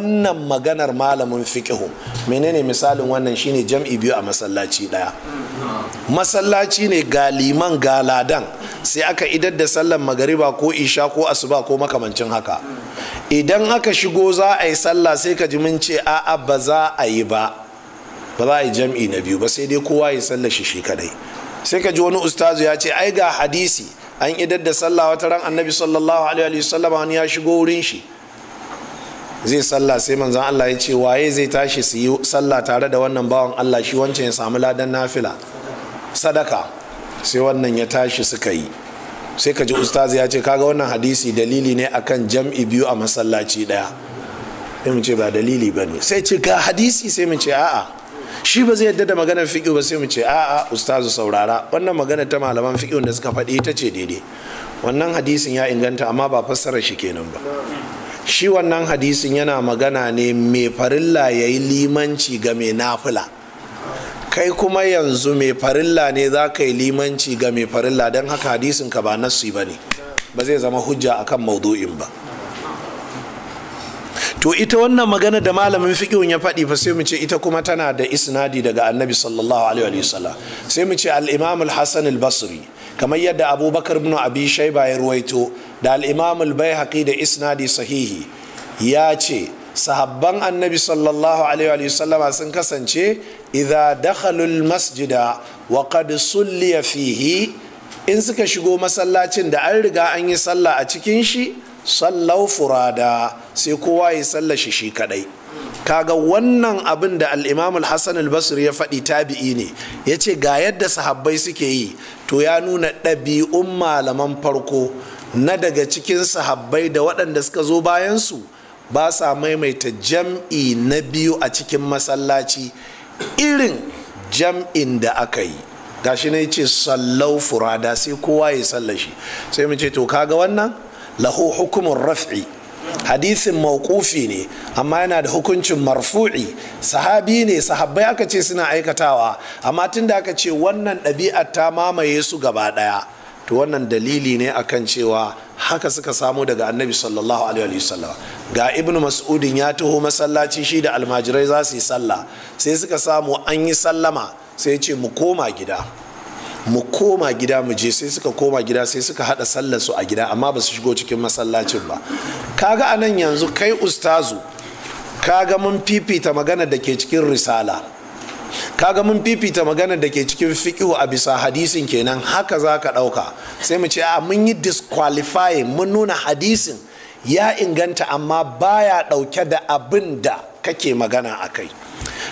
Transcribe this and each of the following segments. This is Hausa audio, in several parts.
wannan maganar malamin fiƙihu menene misalin wannan shine jam'i biyu a masallaci ɗaya masallaci ne ga liman ga ladan sai aka idar da sallan magariba ko isha ko asuba ko makamancin haka idan aka shigo za a yi sallah sai ka ji mun ce a'a ba za a yi ba ba za a yi jam'i na biyu ba sai dai kowa ya sallah shi shi kadai sai ka ji wani ustazu ya ce ai ga hadisi an idar da sallah wata ran annabi sallallahu alaihi wasallam ya shigo wurin shi zai sallah sai manzon Allah ya ce waye zai tashi su yi sallah tare da wannan bawan Allah shi wancan ya samu ladan nafila sadaka sai wannan ya tashi suka yi sai ka ji ustaz ya ce kaga wannan hadisi dalili ne akan jam'i biyu a masallaci daya sai mu ce ba dalili ba ne sai ce ga hadisi sai mu ce a'a shi ba zai yadda da maganar fiƙi ba sai mu ce a'a ustazu saurara wannan magana ta malaman fiƙi da suka faɗi ita ce daidai wannan hadisin ya inganta amma ba fassara shi kenan ba shi wannan hadisin yana magana ne mai farilla ya yi limanci ga mai nafila kai kuma yanzu mai farilla ne za ka yi limanci ga mai farilla don haka hadisin ka ba nassi ba ne ba zai zama hujja akan maudu'in ba to ita wannan magana da malamin fiqhun ya faɗi fa sai mu ce ita kuma tana da isnadi daga annabi sallallahu alaihi sallam sai mu ce al-imam al-hasan al-basri kamar yadda abubakar ibn abi shayba ya ruwaito da al-imam da isnadi sahihi ya ce sahabban annabi sallallahu alaihi sallama sun kasance idza dakhalul masjida wa qad sulliya fihi in suka shigo masallacin da an riga an yi sallah a cikin shi sallau furada sai kowa ya sallar shi shi kadai kaga wannan abin da al-imam al-hasan al-basri ya faɗi tabi'i ne yace ga yadda sahabbai suke yi to ya nuna ɗabi'un malaman farko na daga cikin sahabbai da waɗanda suka zo bayansu ba sa maimaita jam'i na biyu a cikin masallaci irin jam'in da aka yi gashi na ce sallau furada sai kowa ya sallashi sai mu ce to kaga wannan lahu hukumin raf'i hadisin mawqufi ne amma yana da hukuncin marfu'i sahabi ne sahabbai aka ce suna aikatawa amma tun da aka ce wannan ɗabi'ar ta mamaye su gaba ɗaya to wannan dalili ne akan cewa haka suka samu daga annabi sallallahu alaihi wasallam ga ibnu mas'udin ya taho masallaci shi da almajirai za su yi sallah sai suka samu an yi sallama sai ce mu koma gida mu koma gida mu je sai suka koma gida sai suka hada sallar su a gida amma ba su shigo cikin masallacin ba kaga anan yanzu kai ustazu kaga mun fifita magana da ke cikin risala kaga mun fifita maganar da ke cikin fiƙihu a bisa hadisin kenan haka za ka ɗauka sai mu ce a mun yi disqualifying mun nuna hadisin ya inganta amma baya ɗauke da abin da kake magana a kai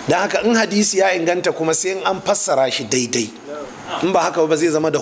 don haka in hadisi ya inganta kuma sai an fassara shi daidai in ba haka ba zai zama da